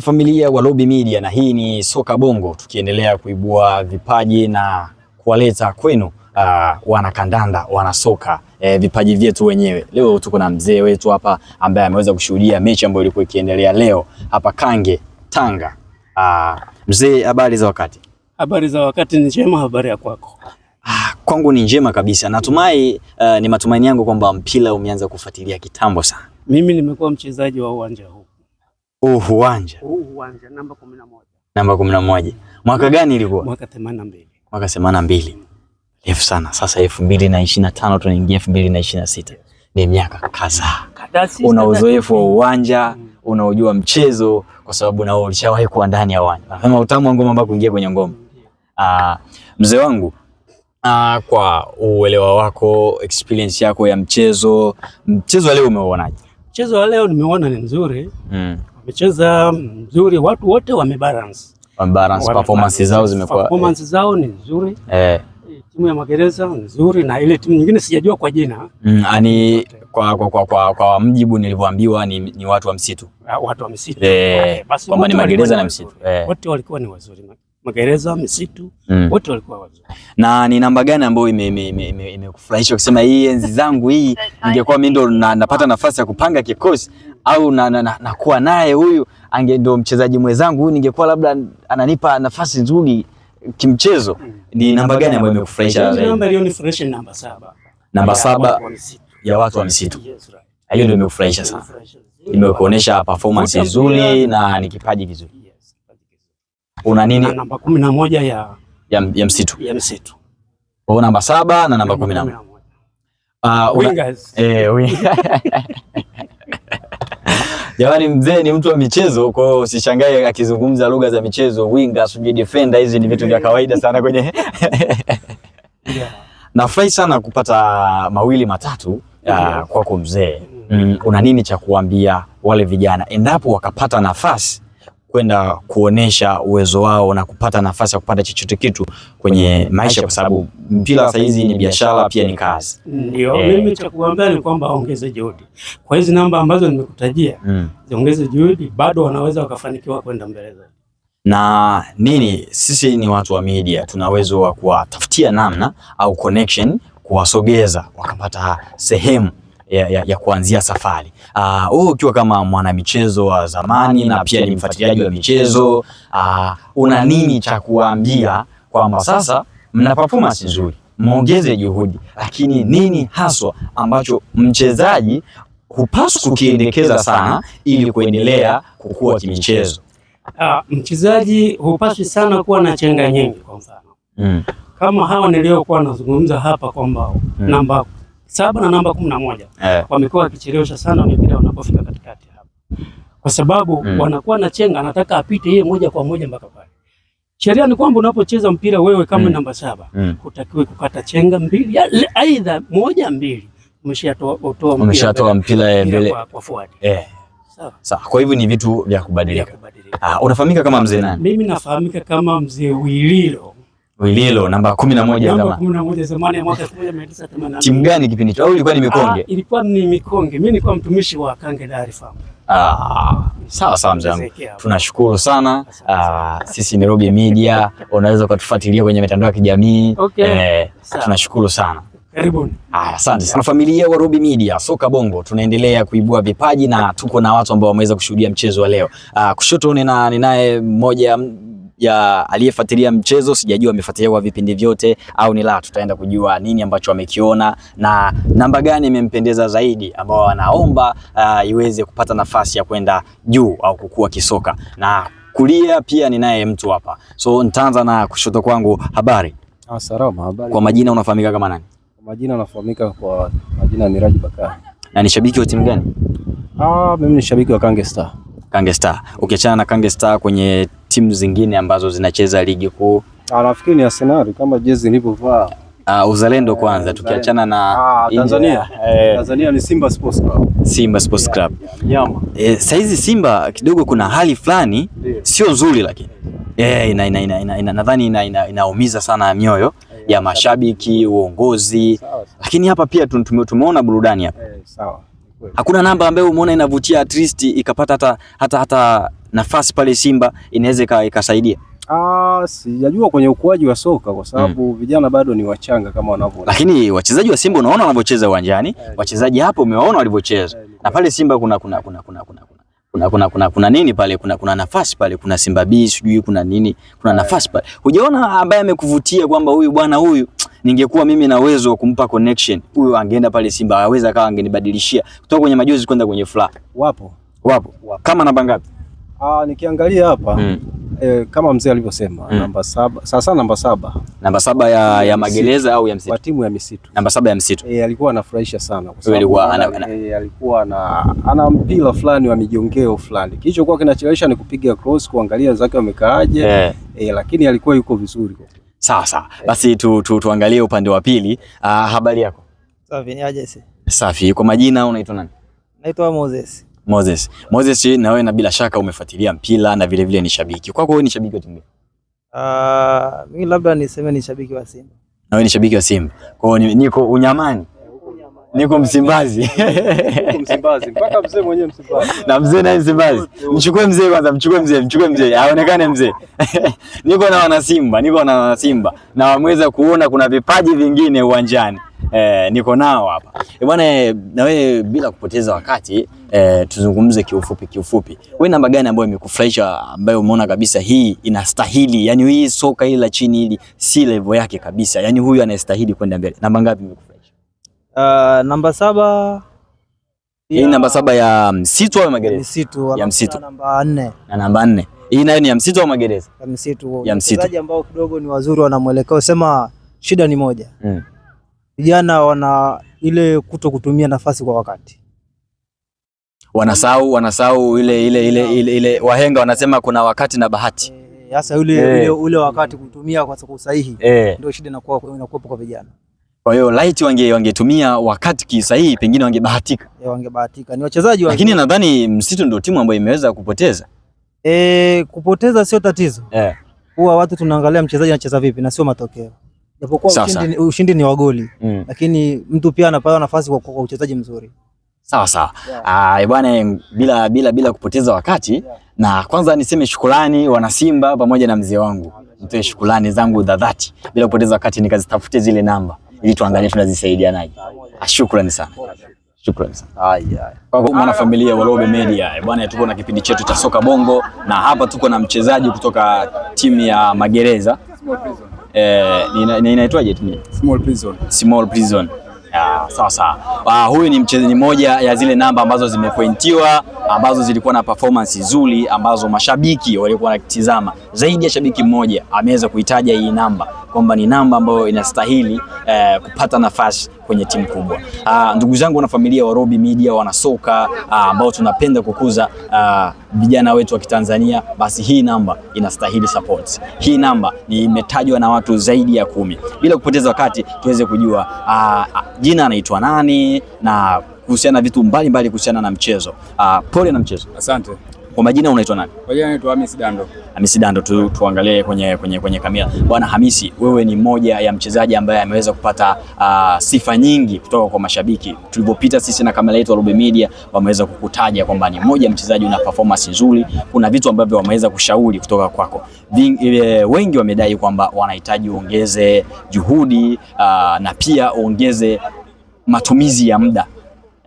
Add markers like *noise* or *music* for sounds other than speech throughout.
Familia wa Roby Media, na hii ni Soka Bongo, tukiendelea kuibua vipaji na kuwaleta kwenu Uh, wanakandanda wanasoka eh, vipaji vyetu wenyewe. Leo tuko na mzee wetu hapa ambaye ameweza kushuhudia mechi ambayo ilikuwa ikiendelea leo hapa Kange Tanga. Uh, mzee, habari za wakati? Habari za wakati ni njema. Habari ya kwako? Ah, kwangu ni njema kabisa. Natumai uh, ni matumaini yangu kwamba mpira umeanza kufuatilia kitambo sana. Mimi nimekuwa mchezaji wa uwanja huu huu uwanja huu uwanja namba 11 namba 11 mwaka gani ilikuwa? Mwaka 82 mwaka 82 refu sana. Sasa 2025 tunaingia 2026 ni miaka kadhaa. Una uzoefu wa uwanja, mm. unaojua mchezo kwa sababu na wewe ulishawahi kuwa ndani ya uwanja. Nasema utamu wa ngoma mpaka kuingia kwenye ngoma. Ah, mzee wangu uh, kwa uelewa wako experience yako ya mchezo, mchezo wa leo umeuonaje? Mchezo wa leo nimeona ni mzuri mm wamecheza mzuri, watu wote wamebalance, wamebalance, performance zao zimekuwa performance zao ni nzuri eh. Timu ya Magereza nzuri na ile timu nyingine sijajua kwa jina mm, ani kwa, kwa, kwa, kwa, kwa mjibu nilivyoambiwa ni, ni watu wa msitu, watu wa msitu eh, basi kwamba ni Magereza na msitu eh, wote walikuwa ni wazuri magereza, misitu mm. wote walikuwa wazee. Na ni namba gani ambayo imekufurahisha kusema hii enzi zangu hii ningekuwa mimi ndo na, napata nafasi ya kupanga kikosi au na, na, na, naye huyu ange ndo mchezaji mwenzangu huyu ningekuwa labda ananipa nafasi nzuri kimchezo. Mm. Ni namba gani ambayo imekufurahisha? Namba iliyonifurahisha ni namba saba. Namba saba ya watu wa misitu. Hiyo ndio imekufurahisha sana, imekuonesha performance nzuri na ni kipaji kizuri una nini? Namba kumi na moja ya, ya, ya msitu ya msitu kwa namba saba na namba kumi na moja uh, wingers eh, *laughs* Jamani, mzee ni mtu wa michezo, kwa hiyo usishangae akizungumza lugha za michezo. Wingers, defender, hizi ni vitu vya kawaida sana kwenye *laughs* yeah. Nafurahi sana kupata mawili matatu ah, kwako mzee. Mm. mm, una nini cha kuambia wale vijana endapo wakapata nafasi kwenda kuonesha uwezo wao na kupata nafasi ya kupata chochote kitu kwenye maisha, kwa sababu mpira sasa hizi ni biashara pia ni kazi. Ndio eh. mimi cha kuambia ni kwamba ongeze juhudi kwa hizi namba ambazo nimekutajia, mm. ziongeze juhudi, bado wanaweza wakafanikiwa kwenda mbele zaidi. Na nini, sisi ni watu wa media, tuna uwezo wa kuwatafutia namna au connection, kuwasogeza wakapata sehemu ya, ya, ya kuanzia safari ah, wewe uh, ukiwa kama mwanamichezo wa zamani na pia ni mfuatiliaji wa michezo uh, una nini cha kuambia kwamba sasa mna performance nzuri, muongeze juhudi, lakini nini haswa ambacho mchezaji hupaswa kukiendekeza sana ili kuendelea kukua kimichezo? Uh, mchezaji hupaswi sana kuwa na chenga nyingi, kwa mfano mm. kama hawa niliokuwa nazungumza hapa kwamba mm. namba saba na namba kumi na moja yeah. Wamekuwa wakichelewesha sana mipira wanapofika katikati hapa, kwa sababu mm. wanakuwa na chenga, anataka apite yeye moja kwa moja mpaka pale. Sheria ni kwamba unapocheza mpira wewe kama mm. namba saba mm. hutakiwi kukata chenga mbili, aidha moja mbili, umeshatoa mpira, mbele kwa fuadi eh. Sawa. Kwa hivyo ni vitu vya kubadilika. Ah, unafahamika kama mzee nani? Mimi nafahamika kama mzee Wililo. Iloilo namba 11 na namba 11 zamani mwaka 1980. Timu gani kipindi hicho au ilikuwa ni Mikonge? Ah, Ilikuwa ni Mikonge. Mimi nilikuwa mtumishi wa Kange Dar es Salaam. Ah, sawa sawa mzee wangu. Tunashukuru sana. Ah, sisi ni Robi Media, unaweza kutufuatilia kwenye mitandao ya kijamii. Okay. Eh, tunashukuru sana. Karibuni. Ah, asante sana familia wa Robi Media, Soka Bongo tunaendelea kuibua vipaji na tuko na watu ambao wameweza kushuhudia mchezo wa leo. Ah, kushoto nina ninaye mmoja ya aliyefuatilia mchezo, sijajua amefuatilia kwa vipindi vyote au ni la, tutaenda kujua nini ambacho amekiona na namba gani imempendeza zaidi, ambao anaomba uh, iweze kupata nafasi ya kwenda juu au kukua kisoka. Na kulia pia ninaye mtu hapa, so nitaanza na kushoto kwangu. Habari. Ah, salama. Habari. Kwa majina unafahamika kama nani? Kwa majina unafahamika kwa majina ya Miraji Bakari. Na ni shabiki wa timu gani? Ah, mimi ni shabiki wa Kange Star. Kange Star. Ukiachana na Kange Star kwenye timu zingine ambazo zinacheza ligi kuu. Ah, nafikiri ni Arsenal kama jezi nilivyovaa. Ah, uzalendo eh, kwanza tukiachana na ah, Tanzania. Eh, Tanzania ni Simba Sports Club. Simba Sports Club. Yeah, yeah. Eh, saizi Simba kidogo kuna hali fulani sio nzuri lakini. Eh, ina ina ina ina nadhani ina ina, inaumiza ina sana mioyo eh, ya mashabiki, uongozi. Sawa, sawa. Lakini hapa pia tumeona burudani hapa. Eh, sawa. Hakuna namba ambayo umeona inavutia at least ikapata hata hata hata nafasi pale Simba inaweza ikasaidia. Ah, sijajua kwenye ukuaji wa soka kwa sababu mm, vijana bado ni wachanga kama wanavyo. Lakini wachezaji wa Simba unaona wanavyocheza uwanjani, eh, wachezaji hapo umewaona walivyocheza. Eh, Na pale Simba kuna kuna kuna kuna kuna kuna kuna kuna kuna nini pale, kuna kuna nafasi pale, kuna Simba B sijui kuna nini, kuna eh. nafasi pale. Hujaona ambaye amekuvutia kwamba huyu bwana huyu ningekuwa mimi na uwezo wa kumpa connection huyo, angeenda pale Simba, aweza kawa angenibadilishia kutoka kwenye majozi kwenda kwenye fla. Wapo, wapo, wapo. Kama namba ngapi? Ah, nikiangalia hapa mm. E, kama mzee alivyosema mm. namba saba, sasa namba saba, namba saba ya, ya magereza au ya msitu, kwa timu ya misitu, namba saba ya msitu. eh, alikuwa anafurahisha sana kwa sababu eh, alikuwa ana, ana mpira fulani wa mijongeo fulani, kilichokuwa kinachelewesha ni kupiga cross, kuangalia zake wamekaaje. yeah. E, eh, lakini alikuwa yuko vizuri kwa Sawa sawa, eh. basi tu, tu, tuangalie upande wa pili. Uh, Habari yako? Safi, ni aje si? Safi. Kwa majina unaitwa nani? Naitwa Moses. Moses. Moses, na wewe na bila shaka umefuatilia mpira na vile vile ni shabiki. Kwako wewe ni shabiki wa timu gani? Uh, mimi labda niseme ni shabiki wa Simba. Na wewe ni shabiki wa Simba. Kwa hiyo niko unyamani niko Msimbazi mpaka mzee mwenyewe Msimbazi na mzee naye Msimbazi. Mchukue mzee kwanza, mchukue mzee, mchukue mzee aonekane mzee. *laughs* Niko na wana Simba, niko na wana Simba. na wameweza kuona kuna vipaji vingine uwanjani. Eh, niko nao hapa E bwana. Na wewe bila kupoteza wakati eh, tuzungumze kiufupi kiufupi, wewe namba gani ambayo imekufurahisha ambayo umeona kabisa hii inastahili, Yaani hii soka hili la chini hili si level yake kabisa, Yaani huyu anastahili kwenda mbele, namba ngapi? Uh, namba saba hii namba saba ya msitu au magereza? Msitu. Ya msitu. Namba 4. Na namba 4. Hii nayo ni ya msitu au magereza? Ya msitu. Ya msitu. Wachezaji ambao kidogo ni wazuri wana mwelekeo, sema shida ni moja. Mm. Vijana wana ile kuto kutumia nafasi kwa wakati. Wanasahau, wanasahau ile ile ile ile, ile wahenga wanasema kuna wakati na bahati. Sasa eh, eh, e, ule, e, eh. ule ule wakati kutumia kwa usahihi e, ndio shida inakuwa inakuwepo kwa vijana. Kwa hiyo light wange wangetumia wakati sahihi, pengine wangebahatika, eh, wangebahatika ni wachezaji wa. Lakini nadhani Msitu ndio timu ambayo imeweza kupoteza. E, kupoteza sio tatizo yeah. Huwa watu tunaangalia mchezaji anacheza vipi na sio matokeo, japokuwa ushindi, ni, ushindi ni wagoli. mm. Lakini mtu pia anapata nafasi kwa, kwa kwa uchezaji mzuri sawa sawa yeah. Ah, bwana bila, bila, bila kupoteza wakati yeah. Na kwanza niseme shukrani wana Simba pamoja na mzee wangu, Mtoe shukrani zangu za bila kupoteza wakati nikazitafute zile namba ili tuangalie tunazisaidianaje. Ah, shukrani sana. Shukrani sana. Haya. Kwa ah, mwana familia wa Robe Media, bwana tuko na kipindi chetu cha soka bongo na hapa tuko na mchezaji kutoka timu ya Magereza. Eh, inaitwaje timu? Small Prison. Small Prison. Ah, sawa sawa. Ah, huyu ni mchezaji mmoja ya zile namba ambazo zimepointiwa ambazo zilikuwa na performance nzuri ambazo mashabiki walikuwa wakitizama. Zaidi ya shabiki mmoja ameweza kuitaja hii namba kwamba ni namba ambayo inastahili eh, kupata nafasi kwenye timu kubwa. Ah, ndugu zangu wanafamilia wa Robi Media wanasoka ah, ambao ah, tunapenda kukuza ah, vijana ah, wetu wa Kitanzania, basi hii namba inastahili support. Hii namba imetajwa na watu zaidi ya kumi. Bila kupoteza wakati, tuweze kujua ah, jina anaitwa nani na kuhusiana na vitu mbalimbali kuhusiana na mchezo. Ah, pole na mchezo. Asante. Kwa majina unaitwa nani? Kwa jina naitwa Hamisi Dando. Hamisi Dando tu, tuangalie kwenye, kwenye, kwenye kamera. Bwana Hamisi, wewe ni mmoja ya mchezaji ambaye ameweza kupata uh, sifa nyingi kutoka kwa mashabiki. Tulipopita sisi na kamera yetu Robe Media wameweza kukutaja kwamba ni mmoja mchezaji una performance nzuri, kuna vitu ambavyo wameweza kushauri kutoka kwako. Eh, wengi wamedai kwamba wanahitaji uongeze juhudi uh, na pia uongeze matumizi ya muda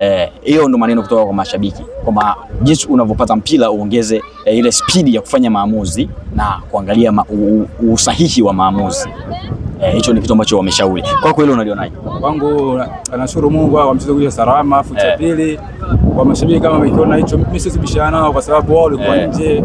Eh, hiyo eh, ndo maneno kutoka kwa mashabiki kwamba jinsi unavyopata mpira uongeze eh, ile spidi ya kufanya maamuzi na kuangalia ma, u, u, usahihi wa maamuzi eh, hicho eh, ni kitu ambacho wameshauri. Kwako hilo unalionaje? Kwangu nashukuru Mungu kwa mchezo kuja salama. Afu cha eh. pili kwa mashabiki kama wamekiona hicho, mimi siwezi bishana nao kwa sababu wao walikuwa nje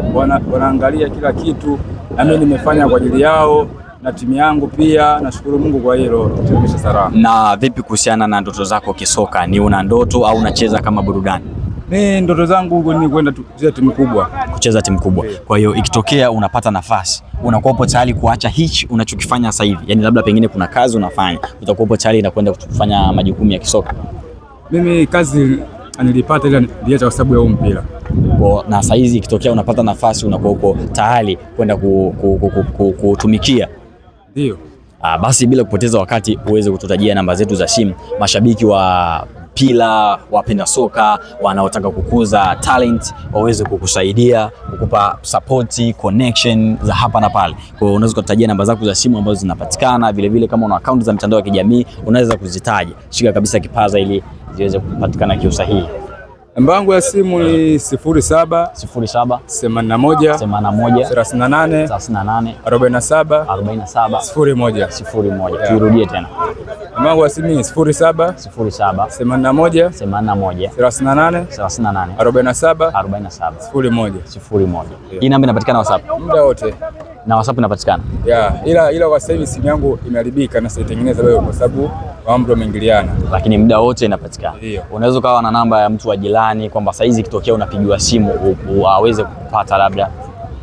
wanaangalia kila kitu, na mimi nimefanya kwa ajili yao na timu yangu pia. Nashukuru Mungu kwa hilo, tumesha salama. Na vipi kuhusiana na ndoto zako kisoka, ni una ndoto au unacheza kama burudani? Ni ndoto zangu huko ni kwenda kucheza timu kubwa, kucheza timu kubwa. Kwa hiyo ikitokea unapata nafasi, unakuwa upo tayari kuacha hichi unachokifanya sasa hivi? Yani labda pengine kuna kazi unafanya, utakuwa upo tayari na kwenda kufanya majukumu ya kisoka? Mimi kazi nilipata ile niliacha kwa sababu ya huu mpira. Kwa na saizi ikitokea unapata nafasi, unakuwa uko tayari kwenda kutumikia ndio. Ah, basi bila kupoteza wakati uweze kututajia namba zetu za simu, mashabiki wa mpira, wapenda soka, wanaotaka kukuza talent waweze kukusaidia, kukupa support, connection za hapa na pale. Kwa hiyo unaweza kutajia namba zako za simu ambazo zinapatikana, vile vile kama una akaunti za mitandao ya kijamii unaweza kuzitaja. Shika kabisa kipaza ili ziweze kupatikana kiusahihi. Namba yangu ya simu ni sifuri saba sifuri saba themanini na moja themanini na moja thelathini na nane thelathini na nane arobaini na saba arobaini na saba sifuri moja sifuri moja. Tuirudie tena. Namba yangu ya simu ni sifuri saba sifuri saba themanini na moja themanini na moja thelathini na nane thelathini na nane arobaini na saba arobaini na saba sifuri moja sifuri moja. Hii namba inapatikana WhatsApp muda wote na WhatsApp inapatikana yeah, ila ila kwa sasa hivi simu yangu imeharibika na sitaitengeneza leo kwa sababu Mambo yameingiliana, lakini muda wote inapatikana. Unaweza ukawa na namba ya mtu wa jirani kwamba saa hizi ikitokea unapigiwa simu aweze kupata, labda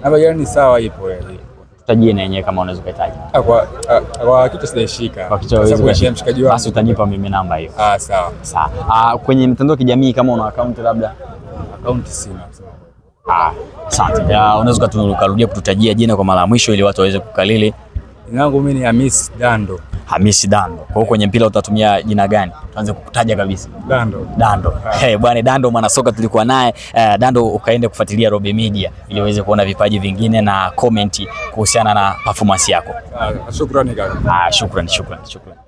namba jirani. Sawa, eh, ipo tutajie na yenyewe kama unaweza kuhitaji. Ah, kwa ah, kwa kitu sijaishika, kwa kitu hawezi mshikaji wangu, basi utanipa mimi namba hiyo. Ah, sawa sawa. Ah, kwenye mitandao ya kijamii kama una account labda? Account sina. Ah, asante. Ya, ah, Unaweza kutunuka rudia kututajia jina kwa mara ya mwisho ili watu waweze kukalili. Jina langu mimi ni Hamis Dando. Hamisi Dando. Kwa hiyo kwenye mpira utatumia jina gani? Tuanze kukutaja kabisa. Dando. Dando. Hey, bwana Dando mwana soka tulikuwa naye. Uh, Dando ukaende kufuatilia Robe Media ili uweze kuona vipaji vingine na comment kuhusiana na performance yako. Ah, shukrani kaka. Ah, shukrani, shukrani, shukrani.